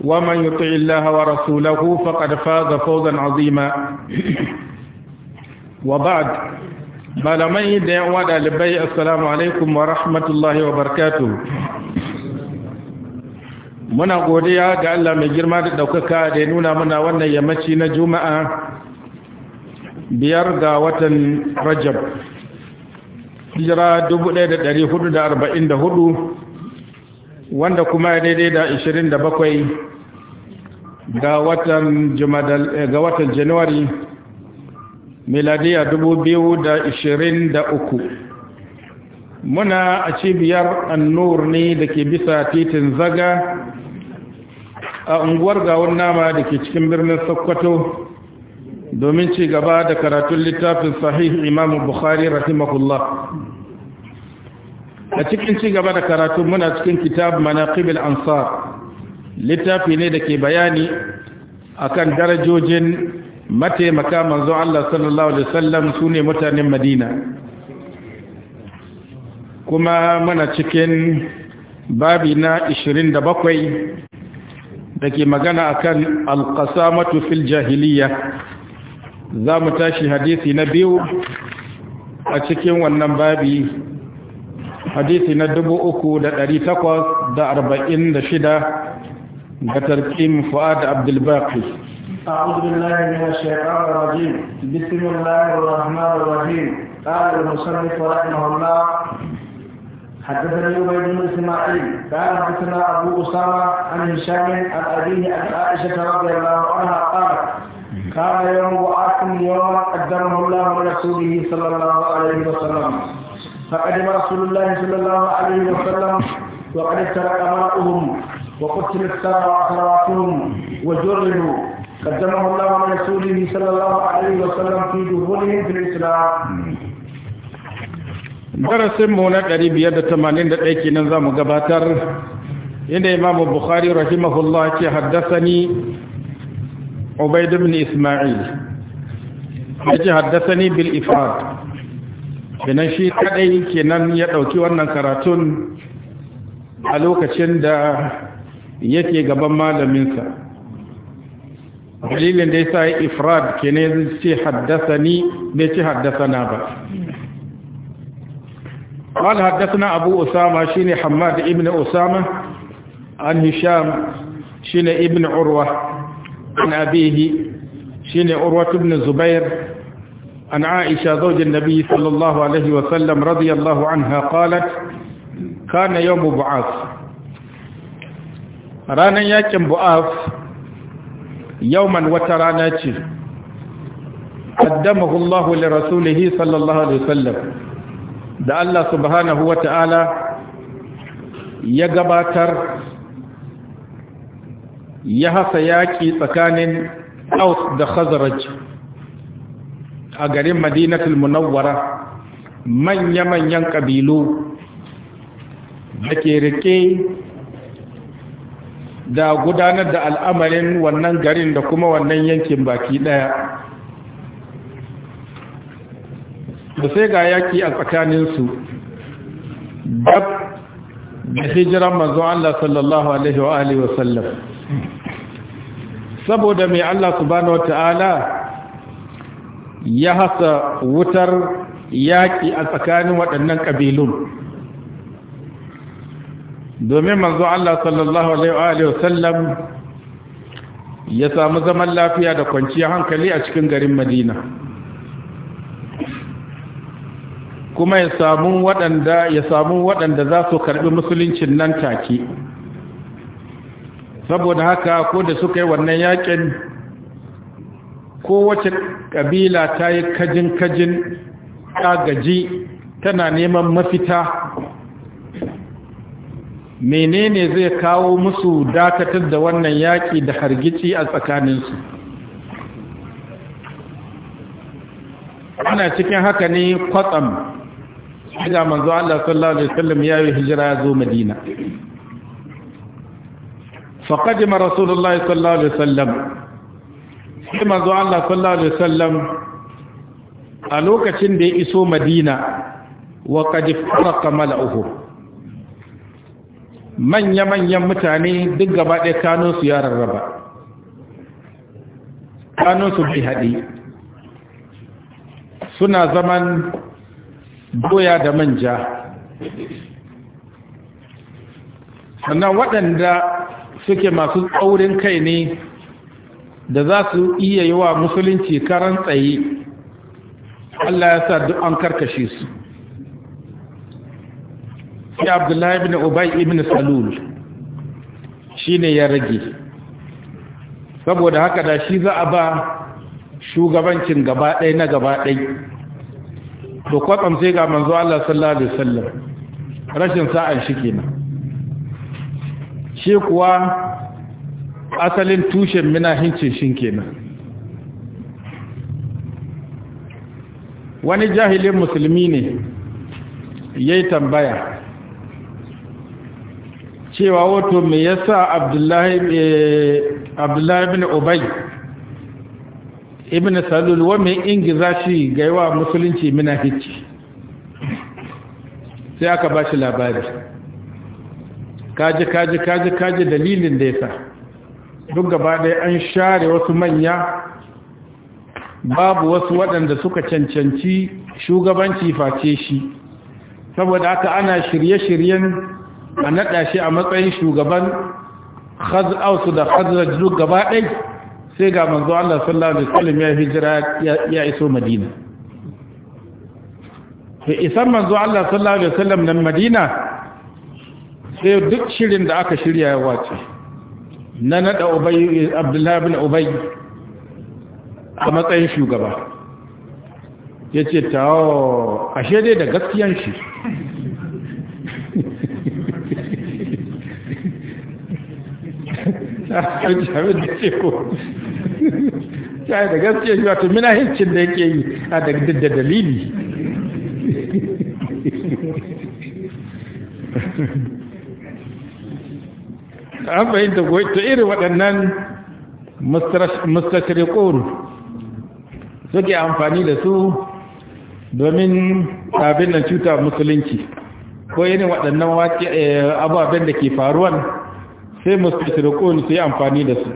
ومن يطع الله ورسوله فقد فاز فوزا عظيما وبعد malamai da yan wada libai assalamu alaikum wa rahmatullahi wa barkatu muna godiya ga Allah mai girma da ɗaukaka da nuna muna wannan yammaci na juma'a biyar ga watan rajab hijira 1444 wanda kuma ya daidai da 27 ga watan eh, ga miladiya 2023 muna a cibiyar annur ne da ke bisa titin zaga a unguwar gawon nama da ke cikin birnin sokoto domin ci gaba da karatun littafin sahih imamu bukhari rahimahullah a cikin ci gaba da karatu muna cikin kitab manaqibul ansar littafi ne da ke bayani akan darajojin mataimaka manzo Allah sallallahu alaihi wasallam sune mutanen Madina kuma muna cikin babi na 27 da ke magana akan alqasamatu fil jahiliya za mu tashi hadisi na biyu a cikin wannan babi حديث ندبو أكو uku تقوص دا takwas دا arba'in بتركيم فؤاد عبد الباقي أعوذ بالله من الشيطان الرجيم بسم الله الرحمن الرحيم قال المصنف رحمه الله حدثني عبيد بن اسماعيل قال حدثنا ابو اسامه عن هشام عن ابيه عن عائشه رضي الله عنها قالت كان يوم وعاكم يوم قدمه الله ورسوله صلى الله عليه وسلم فقدم رسول الله صلى الله عليه وسلم وقد افترق ماؤهم وقتلت سراواتهم وجرموا قدمه الله على رسوله صلى الله عليه وسلم في دخولهم في الاسلام Darasin mu na ɗari biyar da tamanin da ɗaya kenan za mu gabatar inda Imam Bukhari rahimahullah ke haddasa ni Ubaid Isma'il. Ya haddasa ni bil ifad binan shi kadai kenan ya dauki wannan karatun a lokacin da yake gaban malaminsa dalilin da yasa ifrad ke ne ce haddasa ni ne ce haddasa na ba wani haddasa abu osama shine ne hamad ibn osama an hisham shi ibn urwa an abihi shine urwa tubin zubair عن عائشة زوج النبي صلى الله عليه وسلم رضي الله عنها قالت كان يوم بعاث رانا يكن بعاث يوما وتراناتي قدمه الله لرسوله صلى الله عليه وسلم da Allah subhanahu wa ta'ala ya gabatar ya hasa yaƙi tsakanin aus da khazaraj a garin madinatul munawwara manya-manyan ƙabilu da ke rike da gudanar da al'amarin wannan garin da kuma wannan yankin baki ɗaya da sai ga yaki a tsakaninsu dab da hijiran manzo Allah sallallahu alaihi wa alihi wasallam saboda mai Allah subhanahu wa ta'ala ya hasa wutar yaƙi a tsakanin waɗannan ƙabilun domin manzo Allah sallallahu alaihi wa ya samu zaman lafiya da kwanciya hankali a cikin garin Madina kuma ya samu waɗanda ya samu waɗanda za su karɓi musuluncin nan take saboda haka ko da suka yi wannan yaƙin kowace ƙabila ta yi kajin-kajin ta gaji tana neman mafita menene zai kawo musu dakatar da wannan yaƙi da hargici a tsakaninsu ana cikin haka ne kwatsam ga manzo Allah sallallahu alaihi wasallam ya yi hijira ya zo Madina faqadima rasulullahi sallallahu alaihi wasallam sai manzo Allah sallallahu alaihi wasallam a lokacin da ya iso Madina wa qad faraqa mal'uhu manya manyan mutane duk gaba ɗaya kano su ya rarraba kano su bi haɗi suna zaman doya da manja sannan waɗanda suke masu tsaurin kai ne da za su iya yi wa musulunci karan tsaye Allah ya sa duk an karkashe su Shi abdullahi ibn ubay ibn salul ne ya rage saboda haka da shi za a ba shugabancin gaba na gaba ɗaya kwatsam sai ga manzo Allah sallallahu alaihi wasallam rashin sa'an shi kenan shi kuwa asalin tushen minahincin shin kenan wani jahilin musulmi ne ya tambaya cewa wato me yasa abdullahi eh, bin obai ibn salul wa mai ingiza shi ga yawa musulunci minahici sai aka ba shi labari kaji kaji kaji kaji dalilin da ya sa duk gaba ɗaya an share wasu manya babu wasu waɗanda suka cancanci shugabanci face shi saboda haka ana shirye-shiryen a naɗa shi a matsayin shugaban khaz'ausu da khazraj duk gaba ɗai sai ga manzo Allah sallallahu alaihi wasallam ya hijira ya iso Madina sai isan manzo Allah sallallahu alaihi wasallam nan Madina sai duk shirin da aka shirya ya wace na nada ubay abdullahi bin ubay a matsayin shugaba ya ce tawo ashe dai da gaskiyan shi ta da gaskiya shi wato minahincin da yake yi a da dalili an fahimta ko ta irin waɗannan mustashirikun suke amfani da su domin abin nan cuta musulunci ko irin waɗannan eh, ababen da ke faruwan sai mustashirikun su yi amfani da su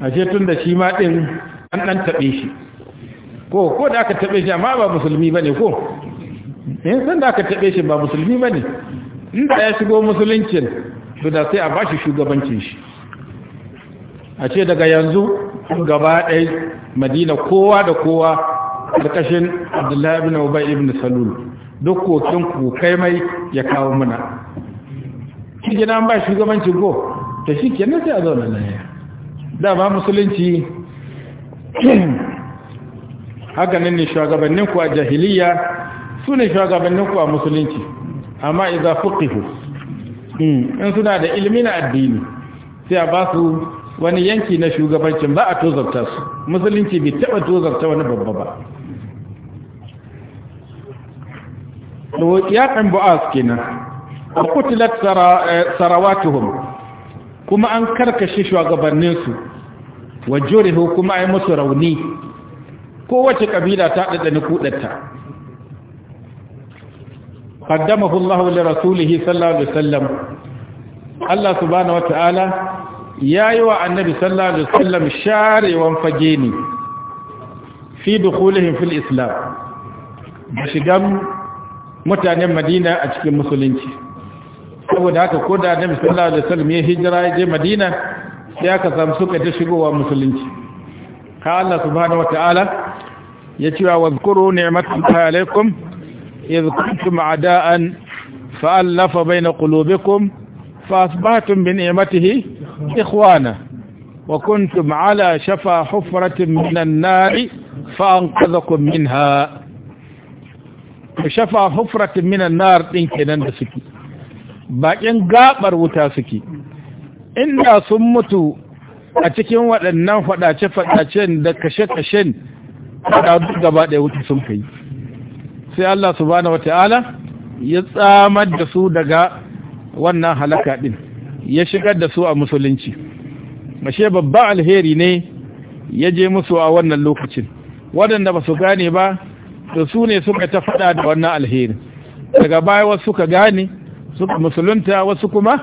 a tun da shi ma ɗin an ɗan taɓe shi ko ko da aka taɓe shi amma ba musulmi ba ne ko in eh, san da aka taɓe shi ba musulmi ba ne In da ya shigo musuluncin to da sai a bashi shugabancin shi a ce daga yanzu gaba ɗai madina kowa da kowa ƙarƙashin abdullahi ibn ubay ibn salul duk kokin ku kai mai ya kawo muna shi gina ba shugabanci go ta shi kenan sai a zauna na ya dama musulunci haka nan ne shugabannin ku a jahiliya su ne shugabannin ku a musulunci amma idza fuqihu Hmm. in suna da ilimi addini sai a basu wani yanki na shugabancin ba a tozarta su musulunci bai taba tozarta wani babba ba yaƙin bu'as kenan a kutulat eh, sarawatuhum kuma an karkashe shugabanninsu wajurihu kuma ai musu rauni kowace ƙabila ta ɗaɗɗani kuɗatta qaddamahu Allah li rasulih sallallahu alaihi wasallam Allah subhanahu wataala yayi wa annabi sallallahu alaihi wasallam sharewan fage ne fi dukhulihim fil islam da shigan mutanen Madina a cikin musulunci saboda haka ko da annabi sallallahu alaihi wasallam ya hijira ya je Madina sai aka samu suka ta shigowa musulunci ka Allah subhanahu wataala ya ce wa wazkuru ni'matallahi alaikum إذ كنتم عداء فألف بين قلوبكم فأصبحتم بنعمته إخوانا وكنتم على شفا حفرة من النار فأنقذكم منها شفا حفرة من النار تنكينا نسكي bakin gabar wuta suke inda sun mutu a cikin waɗannan faɗace-faɗacen da kashe-kashen faɗa duk gaba ɗaya wuta sun kai sai Allah subhanahu ta'ala ya tsamar da su daga wannan halaka din ya shigar da su a musulunci mashe babba alheri ne ya je musu a wannan lokacin waɗanda ba su gane ba da su ne suka ta faɗa da wannan alheri daga baya wasu suka gane suka musulunta wasu kuma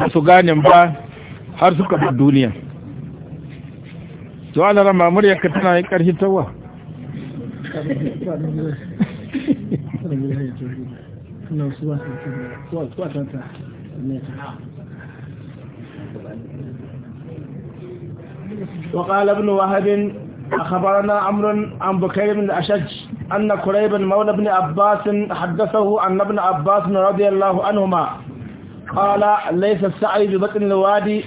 ba su gane ba har suka bar duniya to Allah ya tana yi ƙarfi من التوحيد صباح وقال ابن وهب أخبرنا عمرو عن بكير بن الأشج أن كريبا مولى بن عباس حدثه أن ابن عباس رضي الله عنهما قال ليس السعي ببطن الوادي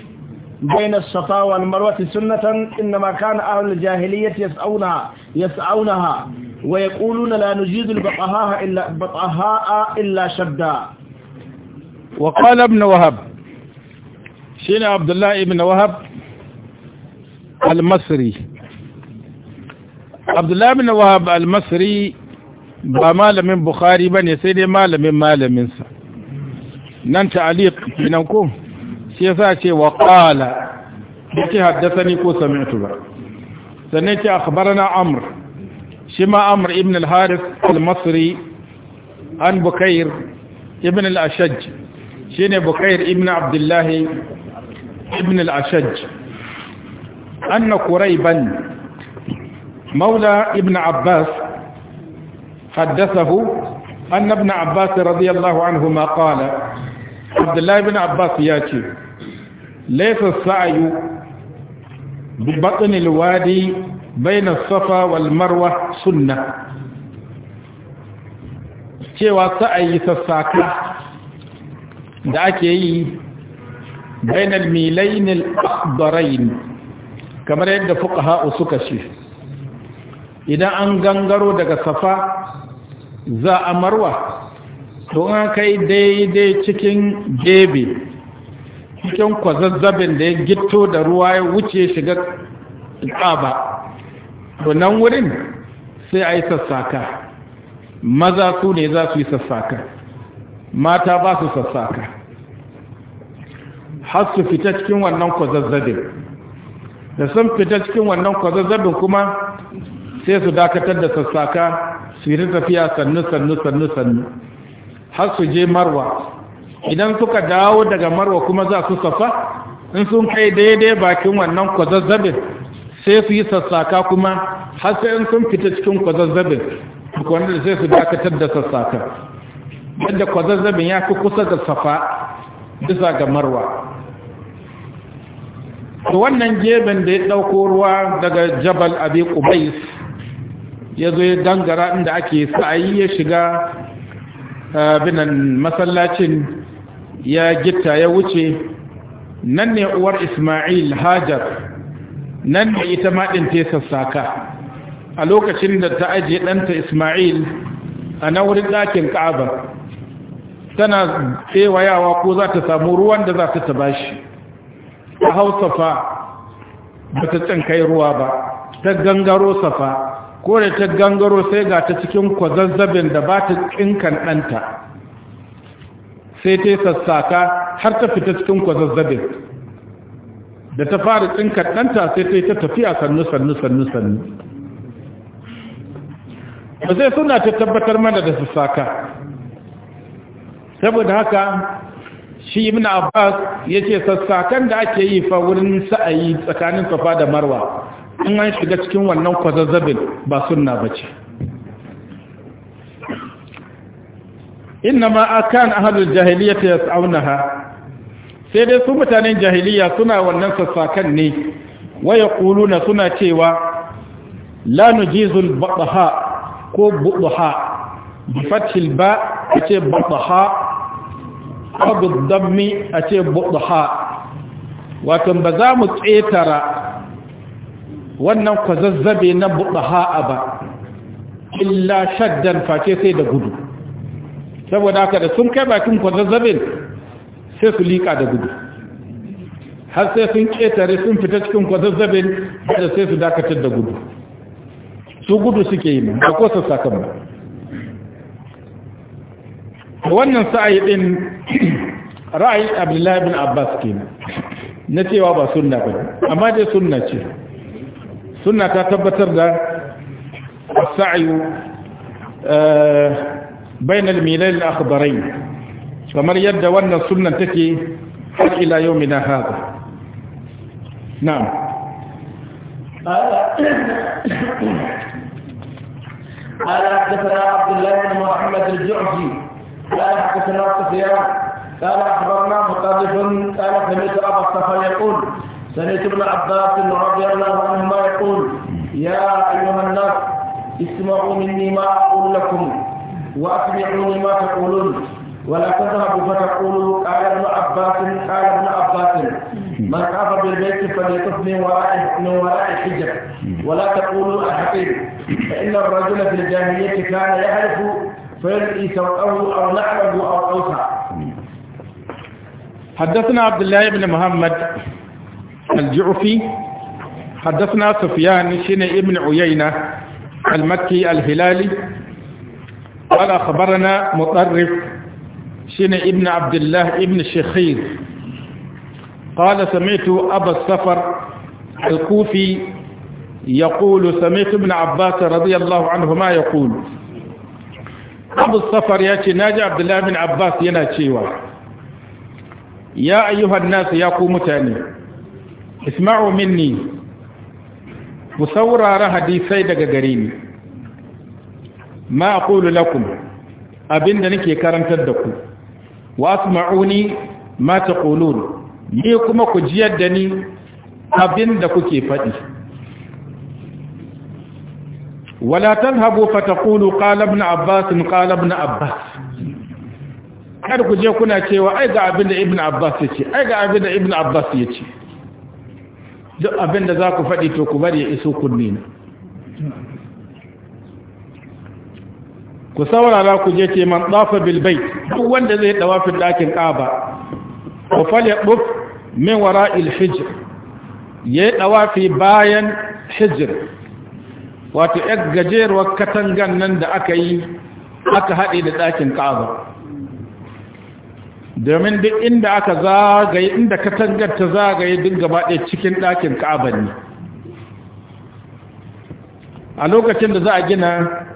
بين الصفا والمروة سنة إنما كان أهل الجاهلية يسعونها يسعونها wa ya kulu na al-baqaha illa baqaha illa shadda wa qala ibn wahab shine abdullah ibn wahab al-masri abdullah ibn wahab al-masri ba malamin bukhari bane sai dai malamin malamin sa nan ta'liq nan ko sai yasa ce wa qala yake haddathani ko sami'tu ba sannan ce amr شما أمر ابن الحارث المصري عن بكير ابن الأشج شين بكير ابن عبد الله ابن الأشج أن قريبا مولى ابن عباس حدثه أن ابن عباس رضي الله عنهما قال عبد الله بن عباس ياتي ليس السعي ببطن الوادي baina safa wal marwa sunna cewa yi sassaka da ake yi baina al-milayn al kamar yadda ha'u suka ce idan an gangaro daga safa za a marwa to an kai daidai cikin gebe cikin kwazazzabin da ya gito da ruwa ya wuce shiga ƙaba to nan wurin sai a yi sassaka maza su ne za su yi sassaka mata ba su sassaka har su fita cikin wannan kwazazzabin da sun fita cikin wannan kwazazzabin kuma sai su dakatar da sassaka su yi tafiya sannu sannu sannu sannu har su je marwa idan suka dawo daga marwa kuma za su safa in sun kai daidai bakin wannan kwazazzabin sai su yi sassaka kuma har sai in sun fita cikin kwazazzabin wanda sai su dakatar da sassaka yadda kwazazzabin ya fi kusa da safa bisa ga marwa da wannan geben da ya ɗauko ruwa daga jabal abi ƙubais ya zo ya dangara inda ake sa'ayi ya shiga eh, binan masallacin ya gitta ya wuce nan ne uwar ismail hajar nan da ita maɗin ta sassaka a lokacin da ta ajiye ɗanta ismail a na wurin ɗakin ƙaba tana tsewayawa ko za ta samu ruwan da za ta taba shi a hausa fa ba ta tsinkai ruwa ba ta gangaro safa ko da ta gangaro sai ga ta cikin kwazazzabin da ba ta tsinkan ɗanta sai ta sassaka har ta fita cikin kwazazzabin da ta fara tsinka ɗanta sai ta yi ta tafiya sannu sannu sannu sannu ba sai suna ta tabbatar mana da su saka saboda haka shi ibn abbas ya ce sassakan da ake yi fa wurin sa'ayi tsakanin safa da marwa in an shiga cikin wannan kwazazzabin ba suna ba ce inna ma akan ahalul jahiliya ta yas'aunaha sai dai su mutanen jahiliya suna wannan sassakan ne waya ƙuluna suna cewa lanu nujizul badaha ko budaha bi fathil ba ace badaha abu a ce budaha wato ba za mu tsetara wannan kwazazzabe na a ba illa shaddan face sai da gudu saboda haka da sun kai bakin kwazazzabin sai su liƙa da gudu har sai sun ƙetare sun fita cikin kwazazzabin da sai su dakatar da gudu su gudu suke yi ba ko su sakan ba wannan sa'ayi din ra'ayi abdullahi bin abbas kenan na cewa ba sunna ba amma dai sunna ce sunna ta tabbatar da sa'ayu eh, bainal milal akhbarain kamar yadda wannan sunnan take har ila yau mina haɗa na'am قال حدثنا عبد الله بن محمد الجعفي قال حدثنا سفيان قال اخبرنا مطرف قال سمعت ابا الصفا يقول سمعت ابن عباس رضي الله عنهما يقول يا ايها الناس اسمعوا مني ما اقول لكم واسمعوني ما تقولون ولا تذهبوا فتقولوا قال ابن عباس قال ابن عباس من خاف بالبيت فليطف من وراء من وراء الحجر ولا تقولوا الحقير فإن الرجل في الجاهلية كان يعرف فيلقي سوءه أو لحمه أو قوسه حدثنا عبد الله بن محمد الجعفي حدثنا سفيان شين ابن عيينة المكي الهلالي قال أخبرنا مطرف شين ابن عبد الله ابن شخير قال سمعت أبا السفر الكوفي يقول سمعت ابن عباس رضي الله عنهما يقول أبو السفر ياتي ناجي عبد الله بن عباس يناتشيوا يا أيها الناس يا قومتاني اسمعوا مني وصورا حديثي دقا قريني ما أقول لكم abinda nake karantar da ku wasma'uni ma taqulun ni kuma ku jiyar da ni abin da kuke faɗi wala tanhabu fataqulu qala ibn abbas qala ibn abbas Kada ku je kuna cewa ai ga abin da ibn abbas yace ai ga abin da ibn abbas yace duk abin da za ku faɗi to ku bari ya iso kunni na ku saurara ku je ce man bil bilbai duk wanda zai tawafin ɗakin ƙaba ku fale duk min wara hijr ya yi tawafi bayan hijir wato ‘yar wa katangan nan da aka yi aka haɗe da ɗakin ƙaba domin duk inda aka zagaye inda katangar ta zagaye duk gaba ɗaya cikin ɗakin ƙaba ne a lokacin da za a gina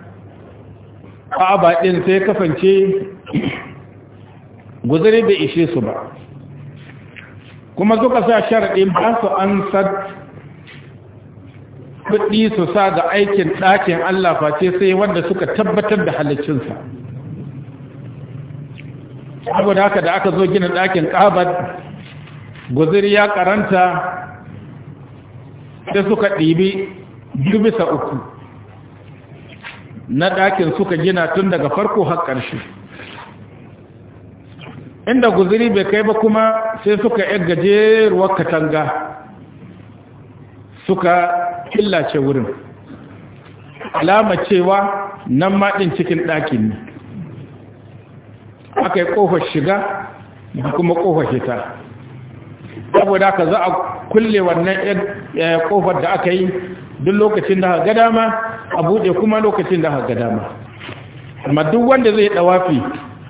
ba ɗin sai kasance guzuri da ishe su ba kuma suka sa sharaɗin ba su an kuɗi su sa ga aikin ɗakin Allah face sai wanda suka tabbatar da halicinsa saboda haka da aka zo gina ɗakin ƙabar guzuri ya karanta da suka ɗibi dubisa uku na ɗakin suka gina tun daga farko har ƙarshe inda guziri bai kai ba kuma sai suka yi gajeruwar katanga suka killace wurin alama cewa nan maɗin cikin ɗakin ne aka yi ƙofar shiga da kuma ƙofar hita saboda ka za a kulle wannan eh, ƙofar da aka yi duk lokacin da ga dama a buɗe kuma lokacin da haka dama amma duk wanda zai ɗawafi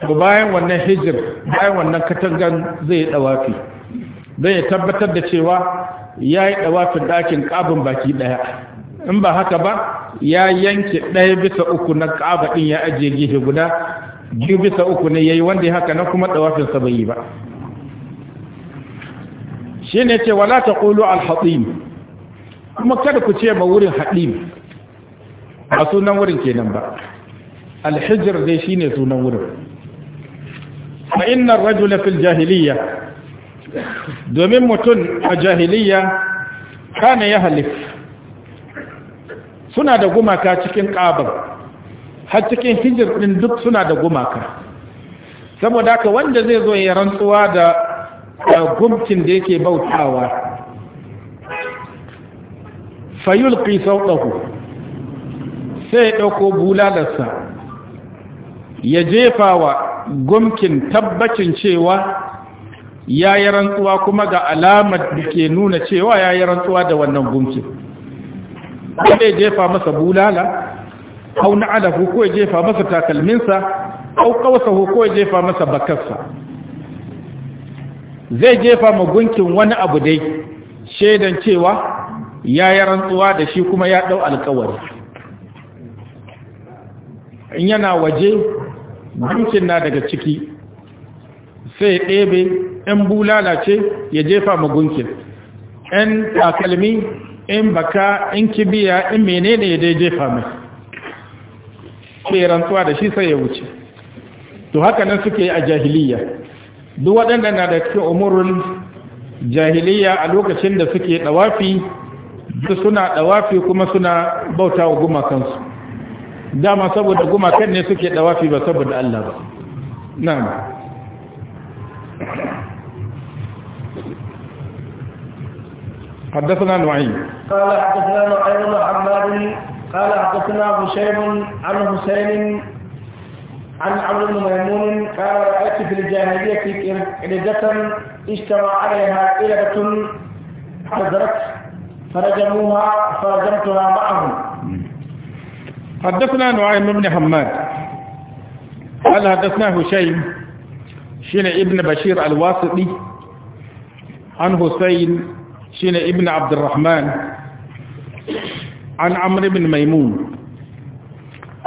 ba bayan wannan hijir bayan wannan katangan zai ɗawafi zai ya tabbatar da cewa ya yi ɗawafin ɗakin ƙabin baki ɗaya in ba haka ba ya yanke ɗaya bisa uku na ƙaba ɗin ya ajiye gefe guda biyu bisa uku ne ya yi wanda ya haka na kuma ɗawafinsa bai yi ba shi ne ce wala ta ƙulu al kuma kada ku ce ma wurin haɗi ba sunan wurin kenan ba alhijir dai shine sunan wurin fa inna rajula fil jahiliyya domin mutum a jahiliyya kana ya halif suna da gumaka cikin ƙabar har cikin hijir ɗin duk suna da gumaka saboda haka wanda zai zo ya rantsuwa da gumcin da yake bautawa fayulqi sauɗahu sai ya ɗauko bulalarsa ya jefa wa gumkin tabbacin cewa ya yi rantsuwa kuma ga alamar da ke nuna cewa ya yi rantsuwa da wannan gumkin wanda ya jefa masa bulala hau na ko ya jefa masa takalminsa hau kawasa ko ya jefa masa bakarsa zai jefa ma gunkin wani abu dai shaidan cewa ya yi rantsuwa da shi kuma ya ɗau alkawari in yana waje bankin na daga ciki sai ɗebe ‘yan bulala ce ya jefa gunkin. ‘yan takalmi ‘yan baka ‘yan kibiya ‘yan menene ya dai jefa mai sai rantsuwa da shi sai ya wuce to haka nan suke a jahiliya duk waɗanda na da cikin umurin jahiliya a lokacin da suke ɗawafi suna ɗawafi kuma suna bauta wa gumakansu dama saboda gumakan ne suke dawafi ba saboda Allah ba na'am حدثنا نعيم قال حدثنا نعيم بن حماد قال حدثنا بشير عن حسين عن عمرو بن ميمون قال رأيت في الجاهلية قردة اجتمع عليها قردة حضرت فرجموها فرجمتها معهم حدثنا نعيم بن حماد قال حدثنا هشيم شين ابن بشير الواسطي عن حسين شين ابن عبد الرحمن عن عمرو بن ميمون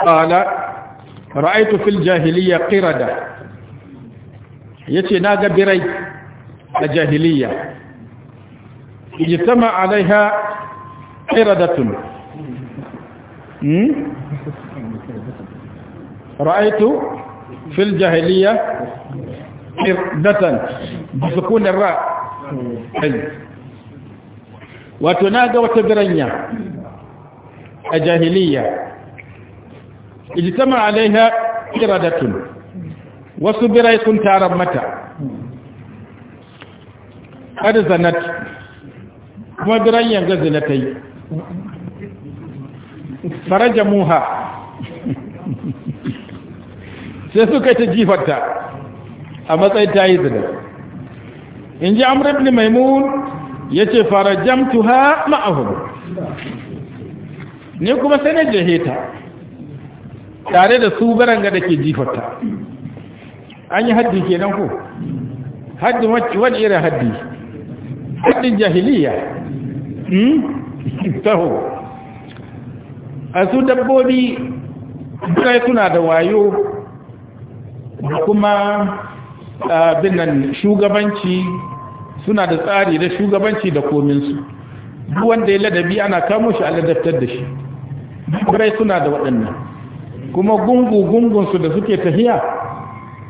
قال رأيت في الجاهلية قردة يتي ناغا بري الجاهلية اجتمع عليها قردة رأيت في الجاهلية قردة بسكون الراء حلو وتنادى وتبرنيا الجاهلية اجتمع عليها قردة وسبريت تارب متى أرزنت زنت وبرنيا غزلتي faraja muha sai suka ta jifarta a matsayin ta yi zina in ji amur ibn maimun ya ce farajamtu ha ma'ahun ne kuma sai na jaheta tare da su baranga da ke jifarta an yi haddi kenan ku haddi wani irin haddi haddin jahiliya hmm? taho a su dabbobi kai suna da wayo da kuma abin nan shugabanci suna da tsari da shugabanci da kominsu duk wanda ya ladabi ana kamo shi a ladabtar da shi kai suna da waɗannan kuma gungu-gungunsu da suke tafiya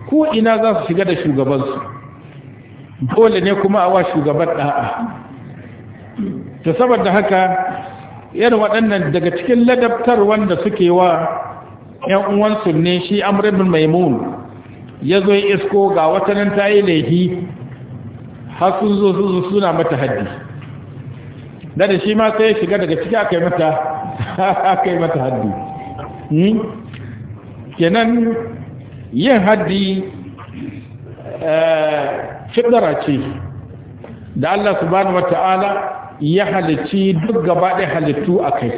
ko ina za su shiga da shugabansu dole ne kuma a wa shugaban ɗa'a ta saboda haka yar waɗannan daga cikin ladabtar wanda suke wa ‘yan uwansu ne shi amurbin maimun ya zo isko ga watanin ta yi laifi har sun zo su suna mata haddi da da shi ma sai shiga daga ciki aka yi mata haddi hmm? kenan yin haddi eh, fidara ce da Allah subhanahu wa ta'ala ya halicci duk gaba ɗaya halittu a kai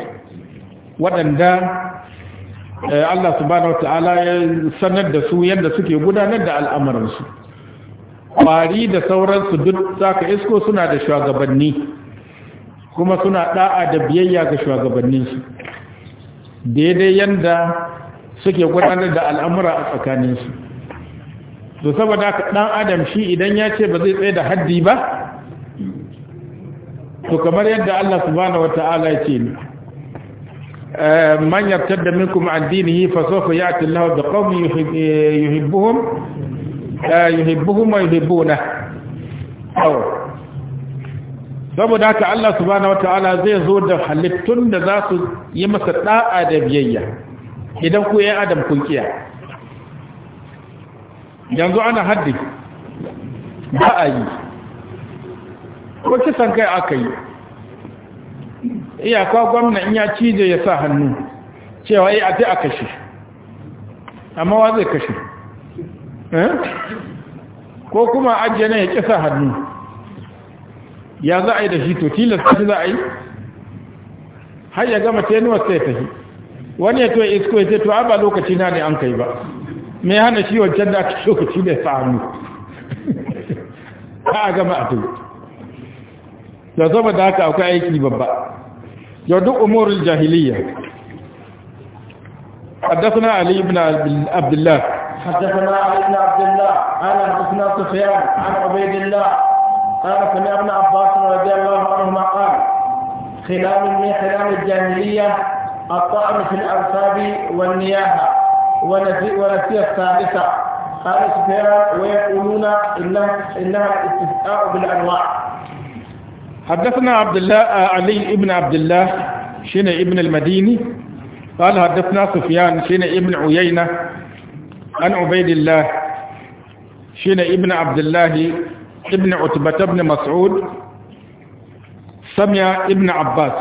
waɗanda eh, Allah subhanahu Ta'ala ya sanar da su yadda suke gudanar da al'amuransu ƙwari da sauransu duk zaka isko suna da shugabanni kuma suna ɗa'a da biyayya ga shugabanninsu daidai yadda suke gudanar da al'amura a tsakaninsu to saboda ɗan adam shi idan ya ce ba zai tsaye da haddi ba to kamar yadda Allah subhanahu wata'ala ya ce eh, man yartadda minkum an dinihi fa sawfa ya'ti Allahu bi qaumin eh, yuhibbuhum eh, yuhibbuhum wa yuhibbuna saboda haka Allah subhanahu wata'ala zai zo da halittun da za su yi masa da'a da biyayya idan ku yi adam kun kiya yanzu ana haddi ba a yi ko kisan kai aka yi iyaka gwamna in ya cije ya sa hannu cewa yi eh, a a kashe amma wa zai kashe eh? ko kuma ajiye na ya sa hannu ya za a yi da shi to tilasta shi za a yi har ya gama tenuwar sai ta yi. wani ya to isko ya ce to ba lokaci na ne an kai ba me hana shi wancan da aka lokaci ne sa hannu ba a gama a tuyo da saboda haka akwai aiki babba yau duk umurul jahiliya حدثنا علي بن عبد الله حدثنا علي بن عبد الله انا حدثنا سفيان عن عبيد الله قال سمع ابن عباس رضي الله عنهما قال خلال من خلال الجاهليه الطعن في الانساب والنياحه ونسي, ونسي الثالثه قال سفيان ويقولون انها انها الاستثناء بالانواع حدثنا عبد الله آه، علي ابن عبد الله شين ابن المديني قال حدثنا سفيان شين ابن عيينة عن عبيد الله شين ابن عبد الله ابن عتبة بن مسعود سمع ابن عباس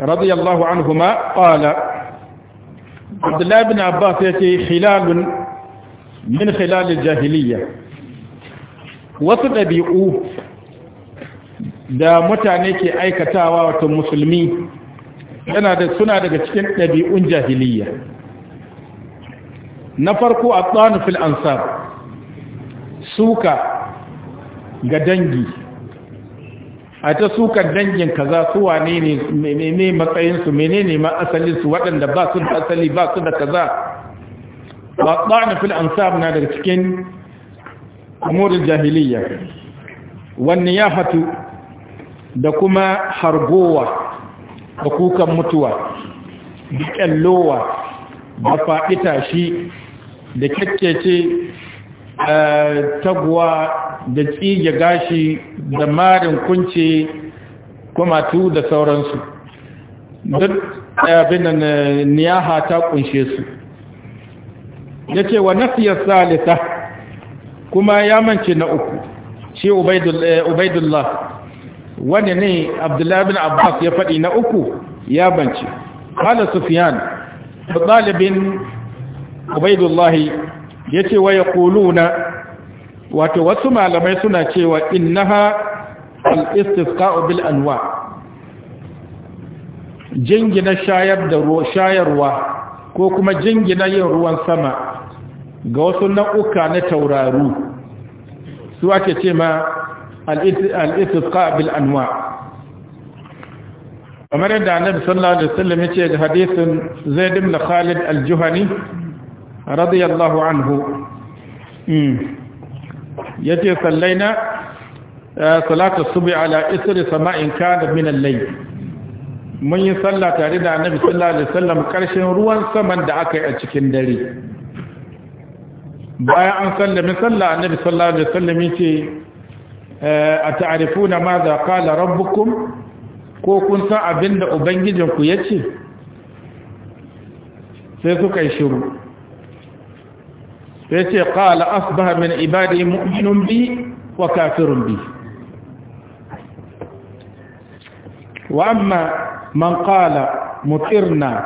رضي الله عنهما قال عبد الله بن عباس يأتي خلال من خلال الجاهلية وصل أبيعوه da mutane ke aikatawa wato musulmi yana da suna daga cikin ɗabi'un jahiliya na farko a fil ansar suka ga dangi a ta suka dangin kaza su wane ne menene matsayinsu menene ma asalinsu waɗanda ba su da asali ba su da kaza ba fil ansar na daga cikin amurin jahiliya wanne ya hatu da kuma Hargowa da kukan mutuwa da kyallowa da faɗi tashi da kyakkyace eh, taguwa da tsige gashi da marin kunce kwamatu da sauransu duk eh, abin da eh, niyaha ta kunshe su ya ce wa nasiyar salisa kuma ya mance na uku shi ubaidullah wanda ne abdullahi bin abbas ya faɗi na uku ya bance kala sufiyan da ɗalibin ubaidullahi ya ce wa ya kuluna wato wasu malamai suna cewa innaha al-istisqa'u bil anwa jingina shayar da shayarwa ko kuma jingina yin ruwan sama ga wasu nau'uka na tauraru su ake ce ma al-istisqa bil anuwa. kamar yadda annabi sallallahu alaihi wasallam yace ga hadisin Zaid ibn Khalid al-Juhani radiyallahu anhu yace sallaina salatu subhi ala isri sama'in kana min al-layl mun yi sallah tare da annabi sallallahu alaihi wasallam karshen ruwan saman da aka yi a cikin dare bayan an sallami sallah annabi sallallahu alaihi wasallam yace Eh, a ta'arifuna ma za qala rabbukum ko kun san abinda ubangijinku yace sai suka yi shiru sai ce qala asbaha min ibadi mu'minun bi wa kafirun bi wa amma man ƙala mutirna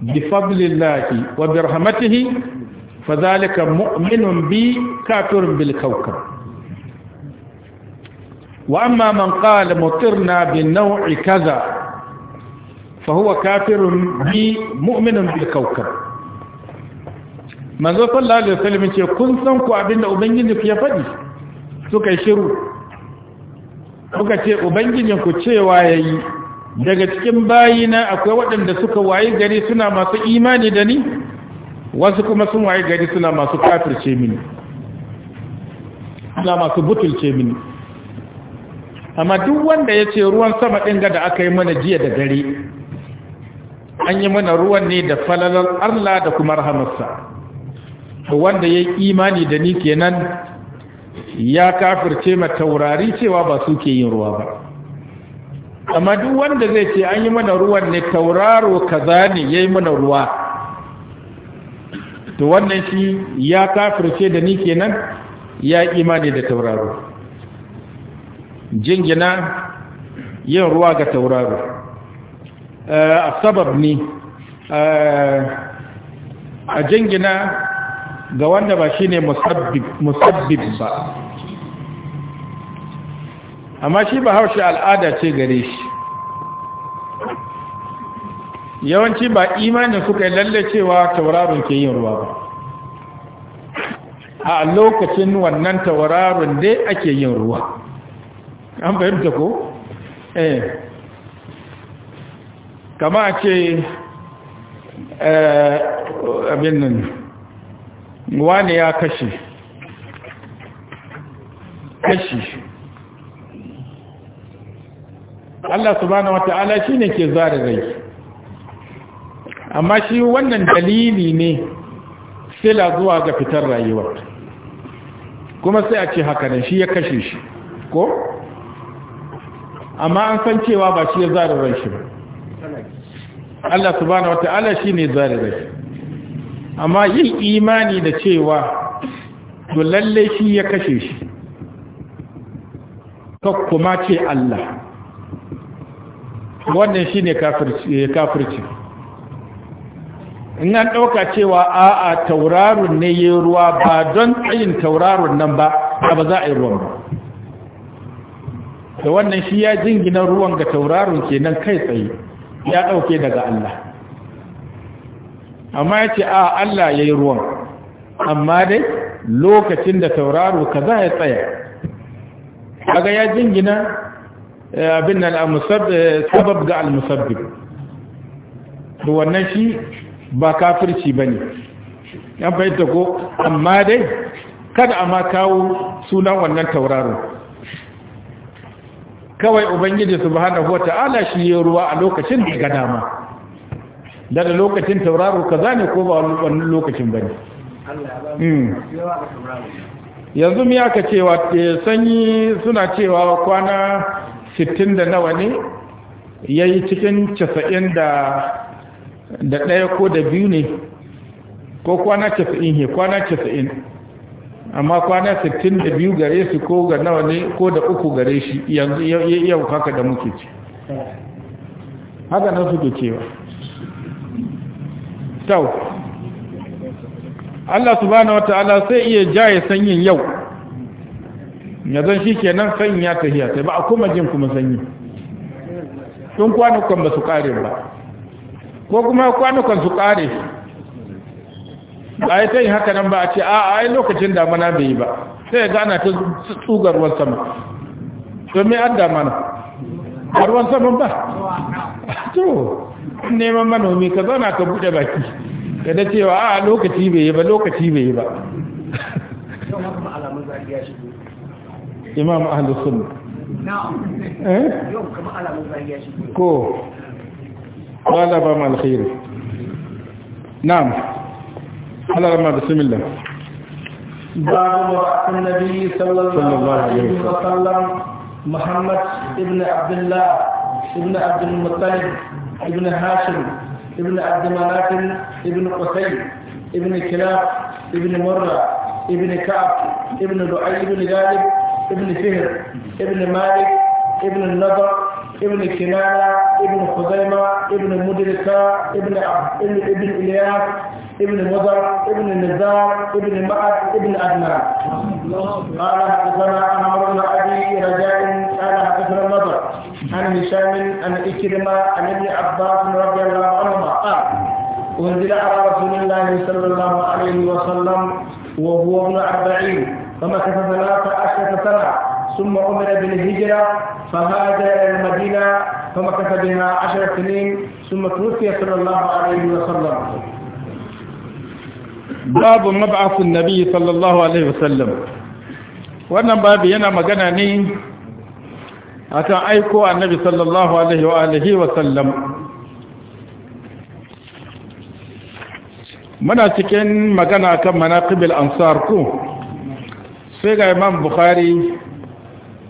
bi fadlillahi wa bi rahmatihi fadhalika mu'minun bi kafirun bil kawkab wa amma man qala mutirna bin naw'i kaza fa huwa kafirun bi mu'minun bil kawkab manzo sallallahu alaihi wasallam kun san ku abinda ubangiji ya faɗi suka yi shiru suka ce ubangijin ku cewa yayi daga cikin bayina akwai waɗanda suka wayi gari suna masu imani da ni wasu kuma sun wayi gari suna masu kafirce mini amma duk wanda ya ce ruwan sama ɗin ga da aka yi mana jiya da dare an yi mana ruwan ne da falalar Allah da kuma rahamarsa wanda ya yi imani da ni kenan ya kafirce ma taurari cewa ba su ke yin ruwa ba amma duk wanda zai ce an yi mana ruwan ne tauraro kaza ne ya yi mana ruwa to wannan shi ya kafirce da ni kenan ya imani da tauraro jingina yin ruwa ga tauraro eh, a sabab ne eh, a jingina ga wanda ba shi ne musabbib ba amma shi ba haushe al'ada ce gare shi yawanci ba imanin suka yi lalle cewa tauraron ke yin ruwa ba a lokacin wannan tauraron dai ake yin ruwa an fahimta ko eh kama a ce eh, abin nan wani ya kashe kashe. Allah subhanahu wata'ala shine ke zara rai amma shi wannan dalili ne sila zuwa ga fitar rayuwa kuma sai a ce haka ne shi ya kashe shi ko amma an san cewa ba shi ya zari ran shi ba Allah subhanahu wata'ala shi ne ran shi amma yin imani da cewa to lalle shi ya kashe shi to kuma ce Allah wannan shi ne eh, kafirci in an ɗauka cewa a'a tauraron ne yi ruwa ba don tsayin tauraron nan ba ba za a yi ruwan ba da wannan shi ya jingina ruwan ga tauraron nan kai tsaye ya ɗauke daga Allah amma ya ce a Allah ya yi ruwan amma dai lokacin da tauraro za ya tsaya kaga ya jingina eh, abin nan eh, sabab ga al-musabbib to wannan shi ba kafirci bane yan fahimta ko amma dai kada a ma kawo sunan wannan tauraron kawai ubangiji subhanahu wata'ala shi ya ruwa a lokacin da ga dama da da lokacin tauraro kaza ne ko ba wani lokacin bane hmm. yanzu miya ka cewa eh, sanyi suna cewa kwana 60 da nawa ne yayi cikin 90 da da ɗaya ko da biyu ne ko kwana 90 ne kwana 90 amma kwana 62 gare su ko ga nawa ne ko da uku gare shi yanzu yau haka da muke ci haka nan suke cewa tau Allah subhanahu wata'ala sai iya jaye sanyin yau yanzu shi kenan sanyi ya tafiya sai ba a kuma jin kuma sanyi tun kwanukan ba su kare ba ko kuma kwanukan su kare ba ya ta yi haka nan ba a ce a a yi lokacin damana bai yi ba sai ga ana ta tsugar ruwan sama domin an damana a ruwan saman ba to neman manomi ka zana ka buɗe baki ka da cewa a lokaci bai yi ba lokaci bai yi ba imam ahlus sunna na'am eh yau kuma ko ba ba mal khair na'am على رمى بسم الله باب مرأة النبي صلى الله عليه وسلم محمد ابن عبد الله ابن عبد المطلب ابن هاشم ابن عبد مناف ابن قتيل ابن كلاب ابن مرة ابن كعب ابن لؤي بن غالب ابن فهر ابن مالك ابن النضر ابن كنانة ابن خزيمة ابن مدركة ابن عبد ابن إلياس ابن مضر ابن النزار ابن معد ابن عدنان قال حدثنا عمر بن ابي رجاء قال حدثنا النظر عن هشام عن اكرمه عن ابن عباس رضي الله عنهما قال انزل على رسول الله صلى الله عليه وسلم وهو ابن أربعين فمكث ثلاث عشرة سنة ثم أمر بالهجرة فهاجر إلى المدينة فمكث بها عشر سنين ثم توفي صلى الله عليه وسلم babu mab'afun nabi sallallahu alaihi wasallam wannan babu yana magana ne akan aiko annabi sallallahu alaihi wa alihi wasallam muna cikin magana kan manaqibul ansar ku sai ga imam bukhari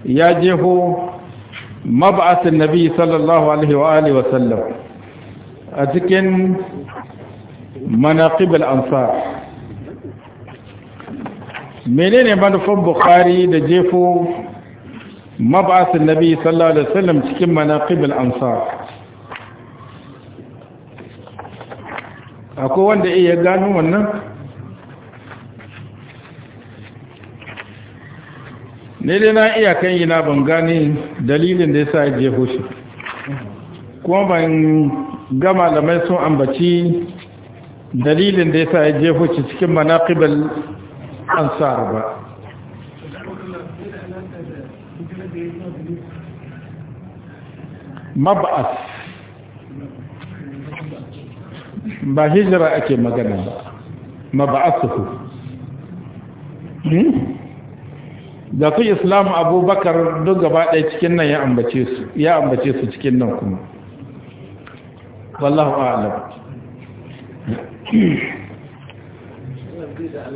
ya jeho mab'asun nabi sallallahu alaihi wa alihi wasallam a cikin manaqibul ansar menene manufan bukhari da jefo mabasin nabi sallallahu alaihi wasallam cikin manaqibul ansar akwai wanda iya gano wannan ne dai na iya kan yi na ban gane dalilin da ya sa jefo shi kuma ban ga malamai sun ambaci dalilin da ya sa ya jefo shi cikin manaqibul ansar ba mab'as ba hijira ake magana mab'asuhu hmm? da su Islam abubakar duk gaba ɗaya cikin nan ya ambace su ya ambace su cikin nan kuma wallahu a'lam so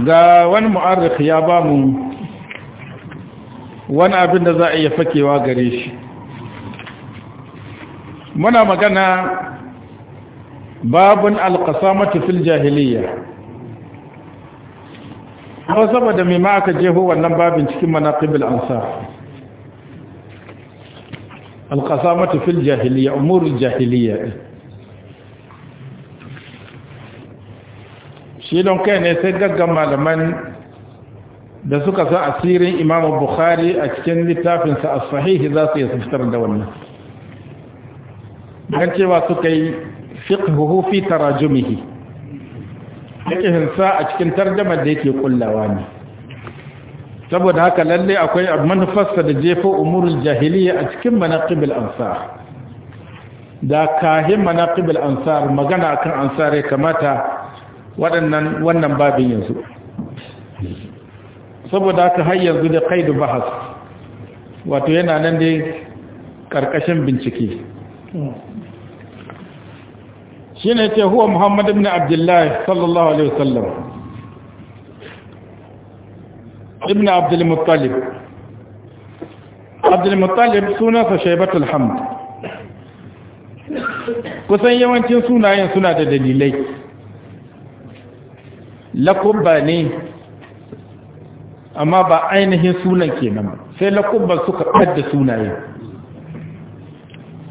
ga wani mu'arrik ya ba mu wani abin da za a iya fakewa gare shi muna magana babun alƙasamata fil jahiliya ko saboda mai ma aka jeho wannan babin cikin manaƙibul ansar القسامة في الجاهلية أمور الجاهلية شيلون كان يسيد قمع لمن دسوك سأسير إمام البخاري أكتن لتاف سأصحيه ذا سيستر دولنا بغنتي واسوكي فقهه في تراجمه لكن سأكتن ترجمة ديتي كل لواني saboda haka lalle akwai manufarsa da jefa umurul jahiliya a cikin manaqibul ansar da kahin manaqibul ansar magana akan ansare kamata waɗannan wannan babin yanzu saboda haka har yanzu da qaidu bahas wato yana nan dai karkashin bincike shine ce huwa muhammad ibn abdullah sallallahu alaihi wasallam ابن عبد المطلب عبد المطلب سنة فشيبة الحمد كسان يوانتين سنة عين سنة دليلي لقباني أما بعينهن سنة كينما سيلقب سكة قد سنة يانو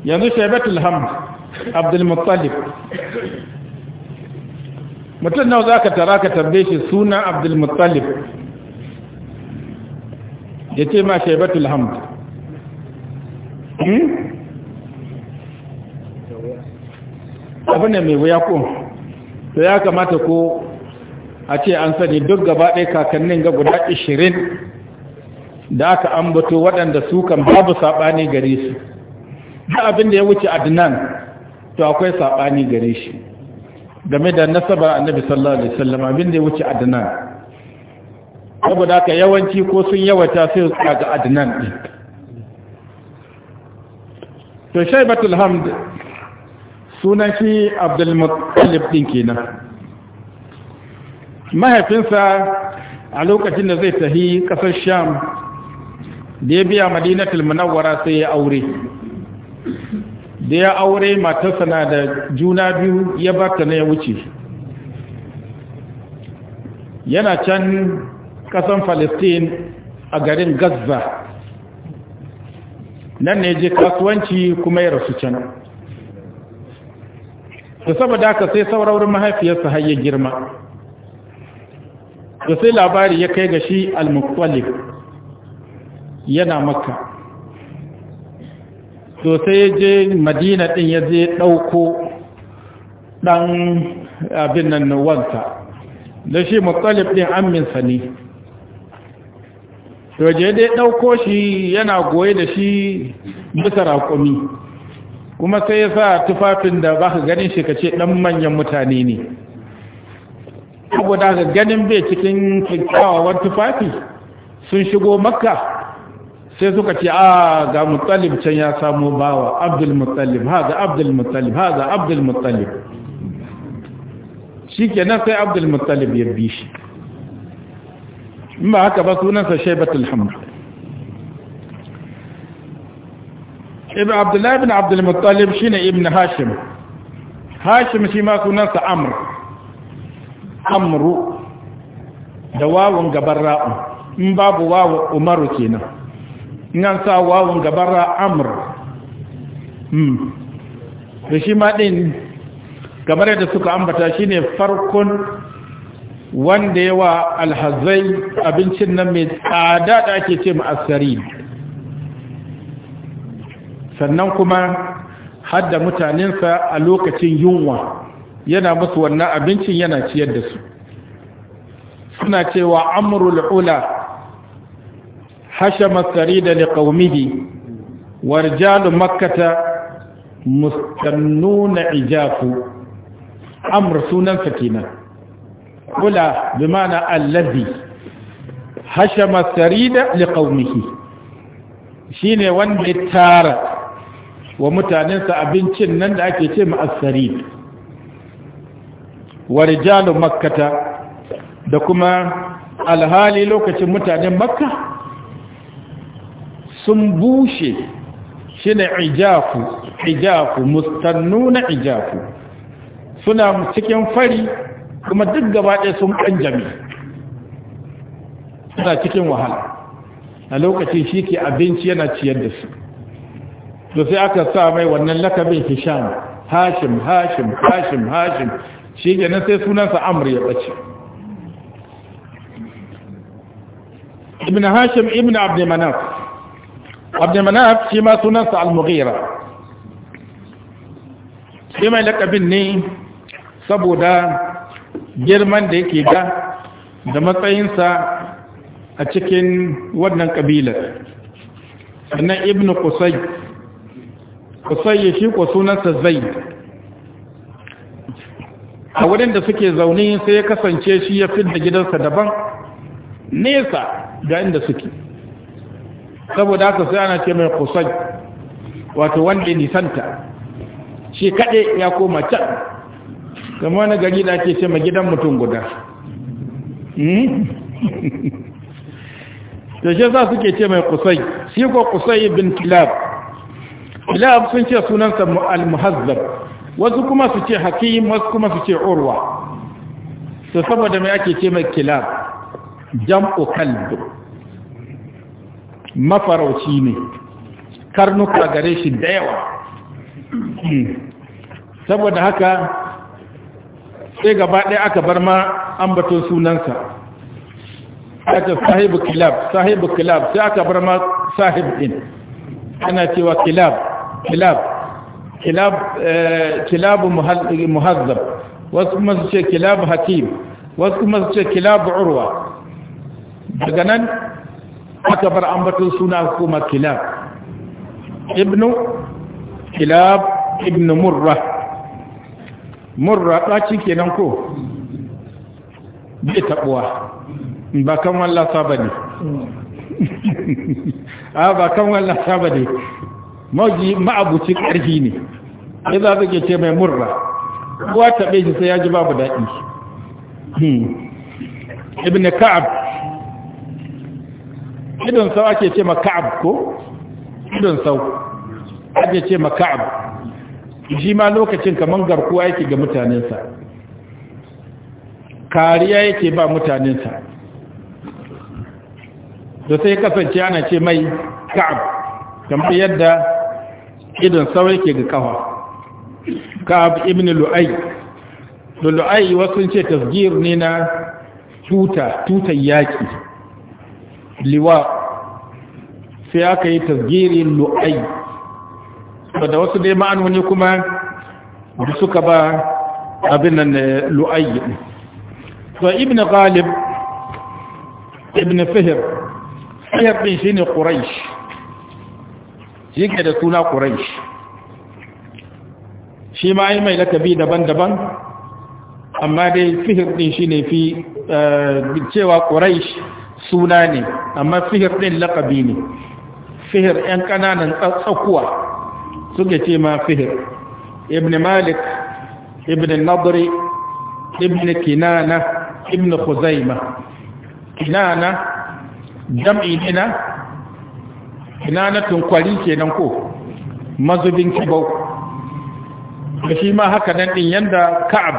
يعني شيبة الحمد عبد المطلب متى نو ذاك تراك تبديش سنة عبد المطلب ya ce ma shaibatul hamd hmm? abu ne mai wuya ko to ya kamata ko a ce an sani duk gaba ɗaya kakannin ga guda 20 da aka ambato waɗanda su kan babu saɓani gare su da abin da ya wuce adnan to akwai saɓani gare shi game da nasaba annabi sallallahu alaihi wasallam abin da ya wuce adnan saboda ka yawanci ko sun yawata sai su ga adnan din to shaibatul hamd sunan shi abdul muttalib din kenan mahaifinsa a lokacin da zai tahi kasar sham da ya biya madinatul munawwara sai ya aure da ya aure matarsa na da juna biyu ya bata na ya wuce yana can kasan falistin a garin gaza nan ne je kasuwanci kuma ya rasu can da saboda haka sai sauraron mahaifiyarsa har ya girma da sai labari ya kai ga shi al yana makka to sai ya je madina din ya je ɗauko dan abin nan wanta da shi muqallib din aminsa ne to je dai ɗauko shi yana goye da shi bisa raƙumi kuma sai ya sa tufafin da ba ka ganin shi ka ce ɗan manyan mutane ne saboda ga ganin bai cikin kyakkyawan tufafi sun shigo makka sai suka ce a ah, ga mutsalib can ya samu bawa abdul mutsalib ha ga abdul mutsalib ha ga abdul mutsalib shi kenan sai abdul mutsalib ya bi shi in ba haka ba sunansa shaibatul hamd ibn abdullahi ibn abdul muttalib shine ibn hashim hashim shi ma sunansa amr amru da wawun gabar ra'u in babu wawu umaru kenan in an sa wawun gabar hmm da shi ma din kamar yadda suka ambata shine farkon wanda yawa alhazai abincin nan mai tsada da ake ce ma'asari sannan kuma hadda mutanensa a lokacin yunwa yana musu wannan abincin yana ciyar da su suna cewa amrul ula hashama da liqaumihi warjalu makkata na ijafu amr sunan kenan kula bi ma'ana allazi hashama sarida li qaumihi shine wanda ya tara wa mutanensa abincin nan da ake ce ma'asarid wa rijalu makkata da kuma alhali lokacin mutanen makka sun bushe shine ijafu ijafu na hijafu suna cikin fari kuma duk gaba ɗaya sun ƙanjami suna cikin wahala a lokaci shi ke abinci yana ciyar da su da sai aka sa mai wannan lakabin hisham hashim hashim hashim hashim shi ke sai sunansa amur ya ɓace ibn hashim ibn abdulmanaf abdulmanaf shi ma sunansa al-mughira shi mai lakabin ne saboda girman da yake ga da matsayinsa a cikin wannan ƙabilar sannan ibn kusai kusai ya shi kwa sunansa zai a wurin da suke zaune sai ya kasance shi ya fidda gidansa daban nesa ga inda suke saboda haka sai ana ce mai kusai wato wanda nisanta shi kaɗe ya koma can zama wani gari da ake ce ma gidan mutum guda hmm? to shi za suke ce mai kusai shi ko kusai bin kilab kilab sun ce sunansa al-muhazzab wasu kuma su ce hakim wasu kuma su ce urwa to saboda mai ake ce mai kilab jam'u kalb mafarauci ne karnuka gare shi da yawa hmm. saboda haka sai gaba ɗaya aka bar ma ambaton sunansa aka sahibu kilab sahibu kilab sai aka bar ma sahib din ana cewa kilab kilab kilab eh, kilab muhazzab wasu kuma su ce kilab hakim wasu kuma su ce kilab urwa daga nan aka bar ambaton suna kuma kilab ibnu kilab ibnu murrah murra ɗaci kenan ko bai taɓuwa ba kan wallah ba ne a ba kan wallah ba ne mauji ma'abucin ƙarfi ne ya za su ce mai murra kuwa taɓe shi sai ya ji babu daɗi hmm. ibn ka'ab idon sau ake ce ma ka'ab ko idon sau ake ce ma ka'ab shi ma lokacin kamar garkuwa yake ga mutanensa kariya yake ba mutanensa da sai kasance ana ce mai ka'ab kamar yadda idan sauri ke ga kawa ka'ab ibn lu'ai da lu'ai wasu ce tasgir ne na tuta tutan yaki liwa sai aka yi tasgirin lu'ai da wasu dai ma'anoni kuma da suka ba abin nan eh, lu'ayi to ibn ghalib ibn fihr fihr din shine quraish yake da suna quraish shi ma yi mai lakabi daban-daban amma dai fihir din shine fi eh, cewa quraish suna ne amma fihir din lakabi ne Fihir yan kananan tsakuwa suke ce ma fihir ibn malik ibn nadri ibn kinana ibn khuzaima kinana jam'i dina kinanatun kwari kenan ko mazubin kibau da shi ma haka nan din yanda ka'ab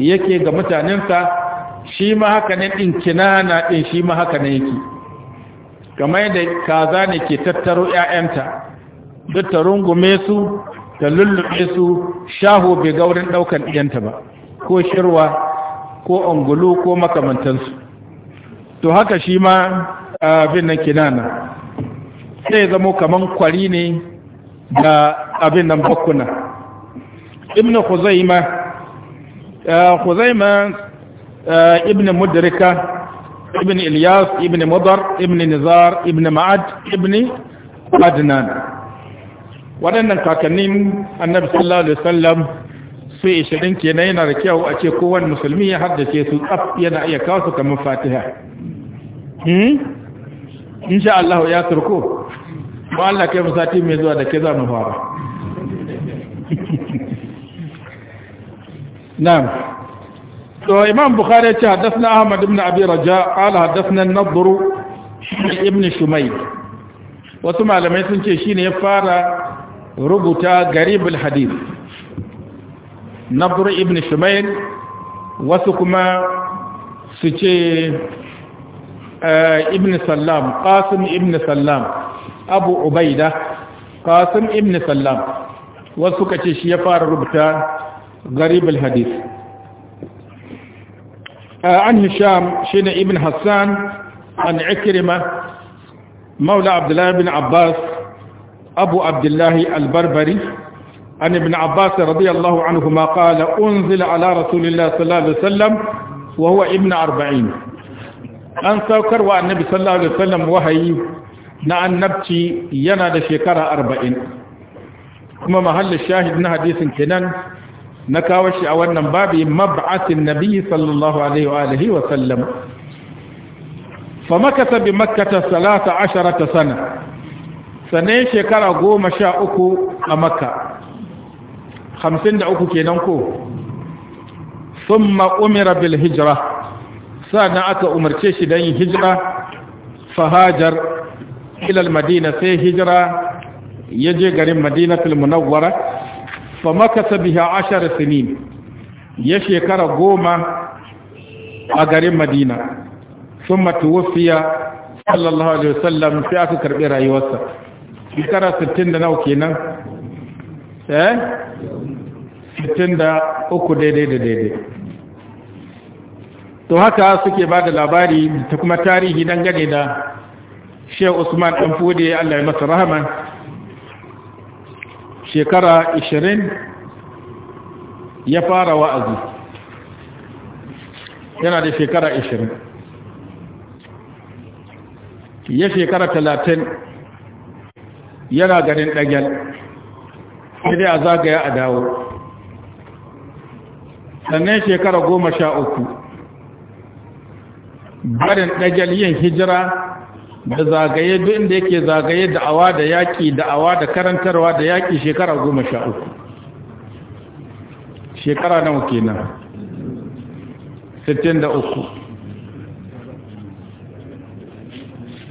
yake ga mutanensa shi ma haka nan din kinana din shi ma haka nan yake kamar yadda kaza ne ke tattaro 'ya'yanta duk ta rungume su ta lullube su shaho bai ga wurin ɗaukan ɗiyanta ba ko shirwa ko angulu ko makamantansu to haka shi ma abin nan kinana sai zamo kaman kwari ne da abin nan bakuna ibn khuzaima eh, khuzaima eh, ibn mudrika ibn ilyas ibn mudar ibn nizar ibn ma'ad ibn adnan waɗannan kakannin annabi sallallahu alaihi wasallam su 20 kenan yana da kyau a ce kowanne musulmi ya haddace su tsaf yana iya kawo su kamar fatiha hmm insha Allah ya turko ba Allah kai musati mai zuwa da ke za mu fara na'am to imam bukhari ya ce haddathna ahmad ibn abi raja qala haddathna an-nadr ibn shumayl wasu malamai sun ce shine ya fara rubuta garibul hadith nabdur ibn shumail wasu kuma su ce eh, ibn sallam qasim ibn sallam abu ubaida qasim ibn sallam wasu ka ce shi ya fara rubuta garibul hadith eh, an hisham shine ibn hassan an ikrima Maula, Abdullahi, Ibn Abbas. أبو عبد الله البربري عن ابن عباس رضي الله عنهما قال أنزل على رسول الله صلى الله عليه وسلم وهو ابن أربعين an saukar wa annabi sallallahu alaihi wahayi na annabci yana da shekara arba'in kuma mahallin shahid na hadisin kenan na kawo shi a wannan babi mab'atin nabi sallallahu alaihi wa alihi wa sallam fa makasa bi makkata salata sana sannan shekara goma sha uku a makka hamsin da uku kenan ko sun ma'umira bil hijira sa'adun aka umarce shi don yin hijira fahajar ilal madina sai hijira ya je garin madina filmunawara fa makasa biha ashar sinin ya shekara goma a garin madina sun matuwafiya sallallahu alaihi wasallam sai aka karɓi rayuwarsa shekara sittin da nawa kenan eh sittin da uku daidai da daidai to haka suke ba da labari ta kuma tarihi gane da shehu usman ɗan fude allah ya masa rahama shekara 20 ya fara wa'azi yana da shekara 20 ya shekara talatin. yana ganin ɗagen sai dai a zagaya a dawo sannan shekara goma sha uku barin ɗagen yin hijira da zagaye duk inda yake zagaye da awa da yaƙi da awa da karantarwa da yaƙi shekara goma sha uku shekara na sittin da 63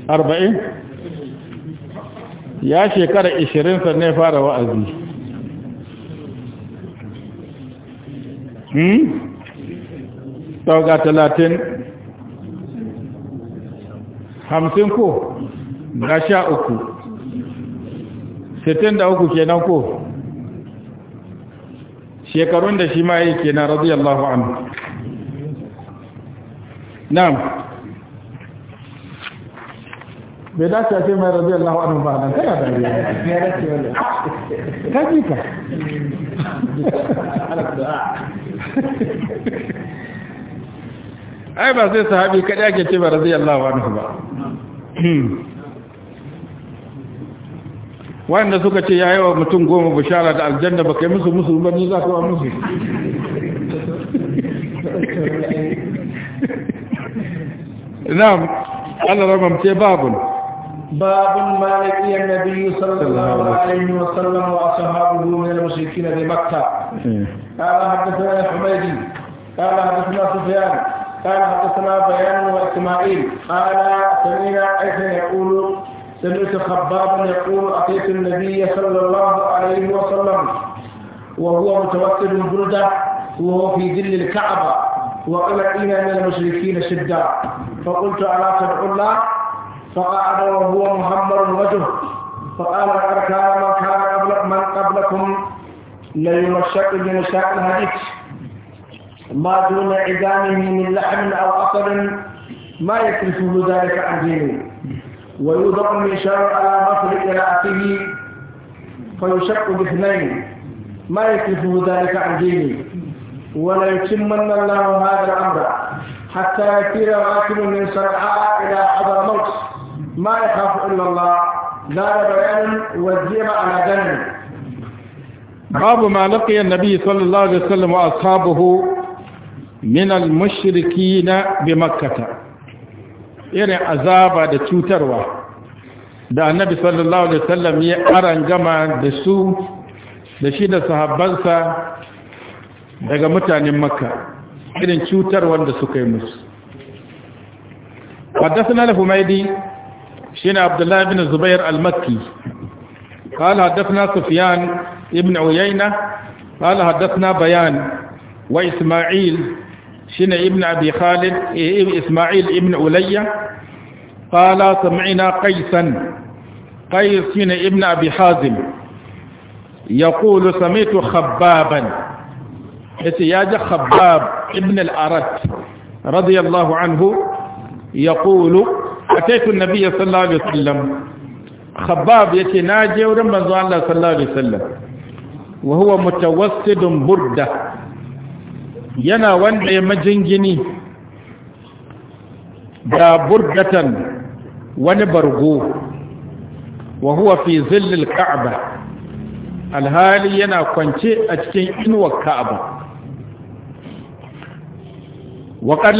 40 ya shekara 20 sannan ne fara wa'azi hmm tauga 30 hamsin ko ga sha uku sittin da uku kenan ko shekarun da shi ma yake na radiyallahu anhu na'am bai dace a ce mai rabi Allah wa'adun ba nan kana da riya ka ji ka ai ba sai sahabi kaɗa ake ce ba rabi Allah wa'adun ba wanda suka ce ya yi wa mutum goma bishara da aljanna ba kai musu musu ba ni za ka wa musu na Allah ramamce babun باب ما لقي النبي صلى الله عليه وسلم واصحابه من المشركين بمكه إيه. قال حدثنا حميدي قال حدثنا سفيان قال حدثنا بيان واسماعيل قال سمعنا ايضا يقول سمعت خبابا يقول اتيت النبي صلى الله عليه وسلم وهو متوكل البرده وهو في ظل الكعبه وقال إنا من المشركين شدا فقلت الا تدعو الله فقعد وهو محمر الوجه فقال الأركان من كان قبل من قبلكم من بمشاق الحديث ما دون عظامه من لحم أو عصب ما يكلفه ذلك عن دينه ويوضع شر على مصر إلى أخيه فيشق باثنين ما يكلفه ذلك عن دينه ولا يتمن الله هذا الأمر حتى يسير راكب من صنعاء إلى حضرموت ما يخاف إلا الله زاد بيانا والزيرة على جنة باب ما لقي النبي صلى الله عليه وسلم وأصحابه من المشركين بمكة irin azaba da cutarwa da annabi sallallahu alaihi wasallam ya aran gama da su da shi da sahabbansa daga mutanen makka irin cutarwar da suka yi musu حدثنا الحميدي شين عبد الله بن الزبير المكي قال حدثنا سفيان ابن عيينة قال حدثنا بيان وإسماعيل شين ابن أبي خالد إيه، إسماعيل ابن عليا قال سمعنا قيسا قيس شين ابن أبي حازم يقول سمعت خبابا يا خباب ابن الأرت رضي الله عنه يقول ataitu nabiyya sallallahu alaihi wasallam khabbab yace na je wurin manzo Allah sallallahu alaihi wasallam wa huwa mutawassidun burda yana wanda ya majingini da burdatan wani bargo wa huwa fi zillil ka'aba alhali yana kwance a cikin inuwar ka'aba wa qad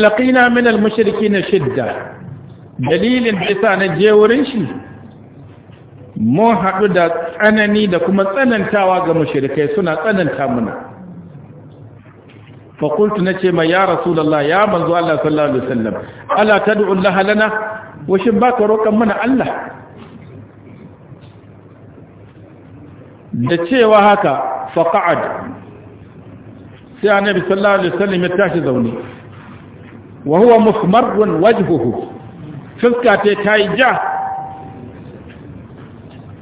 min al-mushrikeena shidda dalilin da yasa na je wurin shi mun haɗu da tsanani da kuma tsanantawa ga mushrikai suna tsananta muna fakultu na ce ma ya rasulallah ya manzo Allah sallallahu alaihi wasallam ala tad'u Allah lana washin baka roƙan mana Allah da cewa haka qa'ad sai annabi sallallahu alaihi wasallam ya tashi zaune wa huwa muhmarrun wajhuhu fuska ta ta yi ja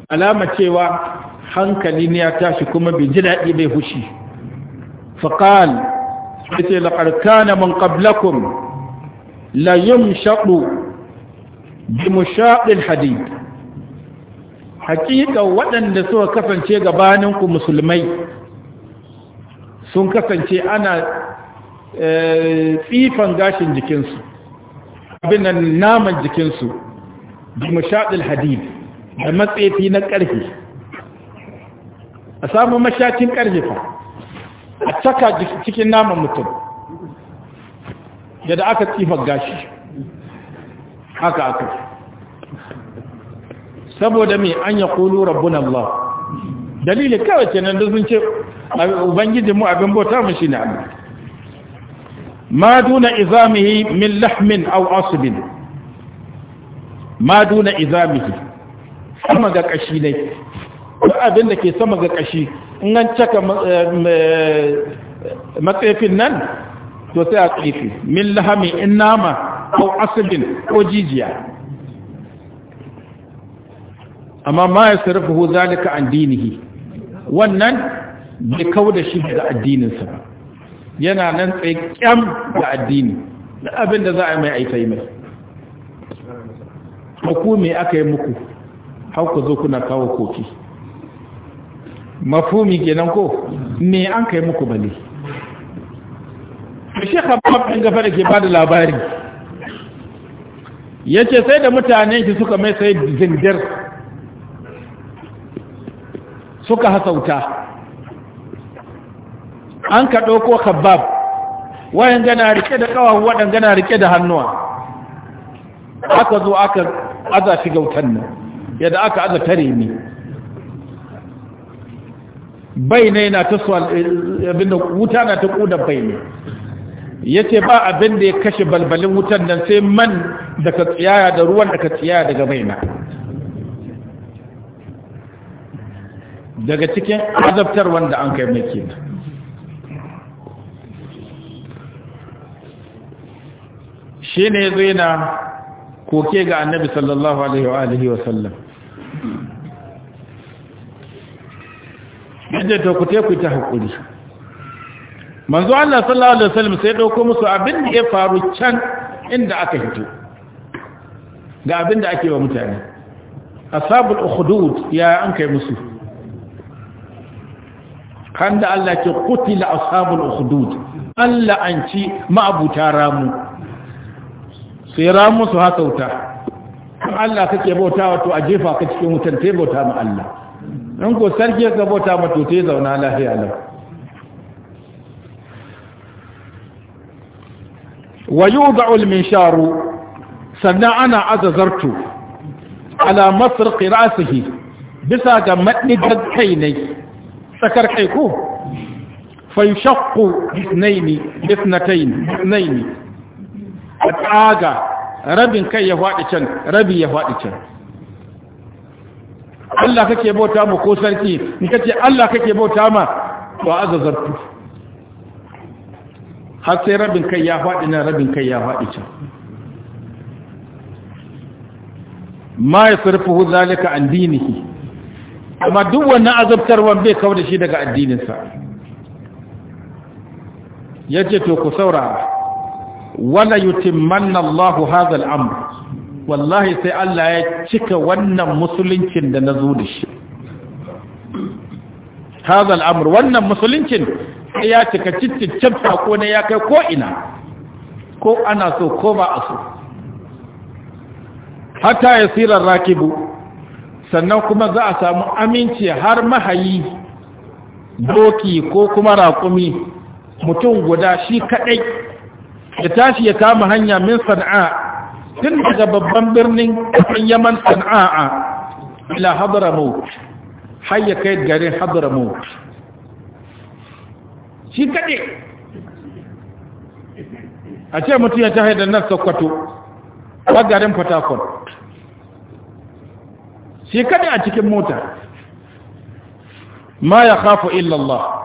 alama cewa hankali ne ya tashi kuma bai ji daɗi bai hushi faƙal ya ce laƙarƙana man ƙablakun layin shaɗu bi mushaɗin hadid hakika waɗanda suka kasance gabaninku musulmai sun kasance ana eh, tsifan gashin jikinsu abin nan naman jikinsu bi mashaɗin hadid da matsefi na ƙarfe a samu mashacin ƙarfe fa a caka cikin naman mutum yadda aka tsifar gashi haka aka saboda mai an ya ƙulu rabbun Allah dalilin kawai kenan da sun ce ubangijinmu abin bauta mu shi ne Allah ما دون إزامه من لحم أو عصب izamihi sama ga kashi ne duk abin da ke sama ga kashi in an caka matsefin nan to sai a tsefi min lahami in nama ko asibin ko jijiya amma ma ya sarrafa zalika an wannan bai da shi daga addininsa ba yana nan kyam da addini da abin da za a mai aita yi mai hukumi aka yi muku hauku zo kuna kawo koki mafumi kenan ko me an kai muku bane shekha babban gafa da ke ba da labari ya ce sai da mutanen shi suka mai sai zindir suka hasauta an ka ɗauko khabbab wayan gana rike da ƙawahu waɗan gana rike da hannuwa aka zo aka aza shi gautan nan yadda aka aza tare ne bai ne na ta eh, abinda wuta na ta ƙudan bai ne ya ce ba abin da ya kashe balbalin wutan nan sai man da ka tsiyaya da ruwan da ka tsiyaya daga maina daga cikin azabtar wanda an kai mai kenan shi ne ya zo koke ga annabi sallallahu alaihi wa sallam yadda ta ku teku ta haƙuri manzo Allah sallallahu alaihi wa sallam sai ɗauko musu abin da ya faru can inda aka hito ga abin da ake wa mutane asabul ukhdud ya an kai musu kan da Allah ke kutila ashabul ukhdud Allah an ci ma'abuta ramu su yi ramu su haka wuta in Allah kake bauta wato a jefa ka cikin wutan ta bauta ma Allah in ko sarki ka bauta ma to ta zauna lafiya lau wa yudau al-minsharu sannan ana azazartu ala masr qirasihi bisa ga maddigar kai ne tsakar kai ko fa yashaqqu ithnaini ithnatayn ithnaini a tsaga rabin kai ya faɗi can rabi ya faɗi can Allah kake bauta mu ko sarki ni kace Allah kake bauta ma to azazartu har sai rabin kai ya faɗi nan rabin kai ya faɗi can ma ya hu zalika an dinihi amma duk wannan azabtarwan bai kawo da shi daga addininsa yace to ku saurara wala yutimmanna Allah hadha al-amr wallahi sai Allah ya cika wannan musuluncin da nazo da shi hadha al-amr wannan musuluncin ya cika ciccin sako ne ya kai ko ina ko ana so ko ba a so hatta yasira rakibu sannan kuma za a samu aminci har mahayi doki ko kuma raƙumi mutum guda shi kaɗai ya tashi ya kama hanya min sana'a tun daga babban birnin ƙasar yaman sana'a ila hadramaut har ya kai garin hadramaut shi kaɗe a ce mutum ya tahi da nan sokoto a garin fatakon shi kaɗe a cikin mota ma ya kafa illallah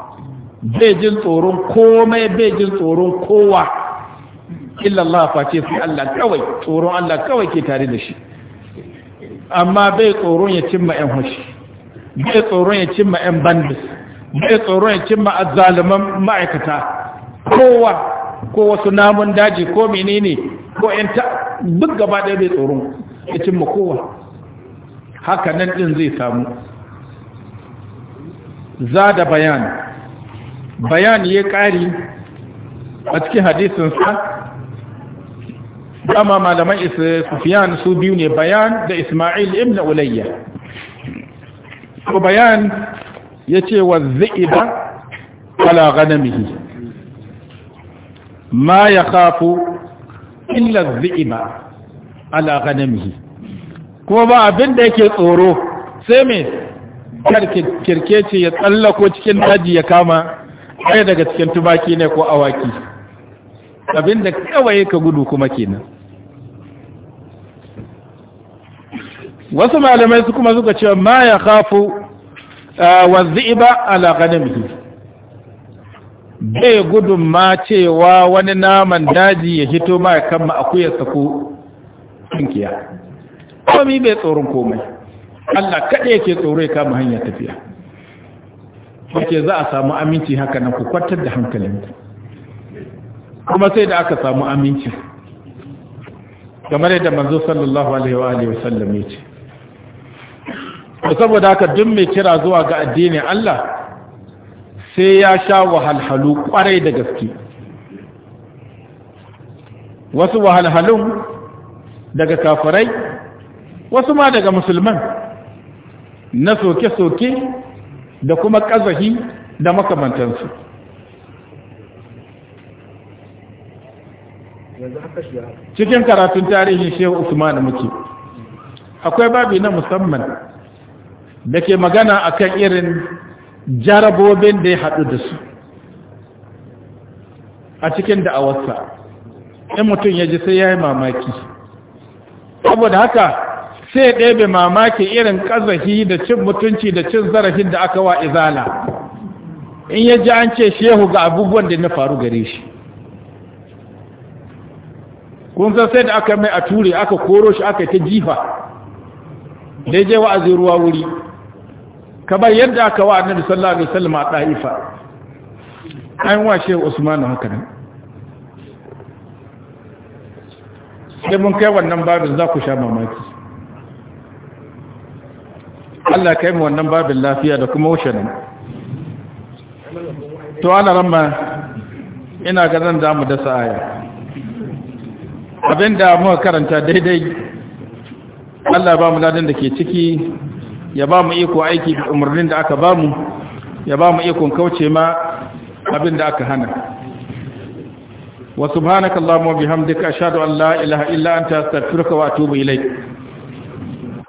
Bejin tsoron komai bejin tsoron kowa illallah ce fi Allah kawai tsoron Allah kawai ke tare da shi amma bai tsoron ya cimma yan hushi bai tsoron ya cimma yan bandis bai tsoron ya cimma azzaluman ma'aikata kowa ko wasu namun daji ko menene ko yan ta duk gaba ɗaya bai tsoron ya cimma kowa haka nan ɗin zai samu za da bayan bayan ya ƙari a cikin hadisinsa dama malaman sufiyan su biyu ne bayan da ismail ibn ulayya ko bayan ya ce wa za'iba ala ganamihi ma ya kafu illa za'iba ala ganamihi kuma ba abin da yake tsoro sai mai ce ya tsallako cikin daji ya kama ɗaya daga cikin tubaki ne ko awaki abin da kawai ka gudu kuma kenan wasu malamai su kuma suka ce ma ya kafu eh, wa ziba ala ganimhi bai gudun ma cewa wani naman daji ya hito ma ya kama akuyarsa ku tunkiya komi bai tsoron komai Allah kaɗai yake tsoro ya kama hanyar tafiya yake za a samu aminci haka nan ku kwantar da hankalinku kuma sai da aka samu aminci kamar da manzo sallallahu alaihi wa alihi wasallam yace to saboda haka duk mai kira zuwa ga addinin Allah sai ya sha wahalhalu kwarai da gaske wasu wahalhalun daga kafirai wasu ma daga musulman na soke-soke da kuma ƙazahi da makamantansu cikin karatun tarihin shehu usman muke akwai babi na musamman da ke magana akan irin jarabobin da ya haɗu da su a cikin da'awarsa in mutum ya ji sai ya yi mamaki saboda haka sai ɗebe mamaki irin ƙazafi da cin mutunci da cin zarafin da aka wa izala in ya ji an ce shehu ga abubuwan da na faru gare shi kun san sai da aka mai a ture aka koro shi aka ta jifa da ya je wa'azin ruwa wuri kamar yadda aka wa annabi sallallahu alaihi wasallam a ɗa'ifa an washe usman haka nan sai mun kai wannan babin za ku sha mamaki Allah kai mu wannan babin lafiya da kuma wuce nan to ana ramma ina ganin da mu dasa aya abinda muka karanta daidai Allah ba mu ladan da ke ciki ya ba mu iko aiki da umarnin da aka ba mu ya ba mu ikon kauce ma abin da aka hana wa subhanakallahumma bihamdika ashhadu an la ilaha illa anta astaghfiruka wa atubu ilayk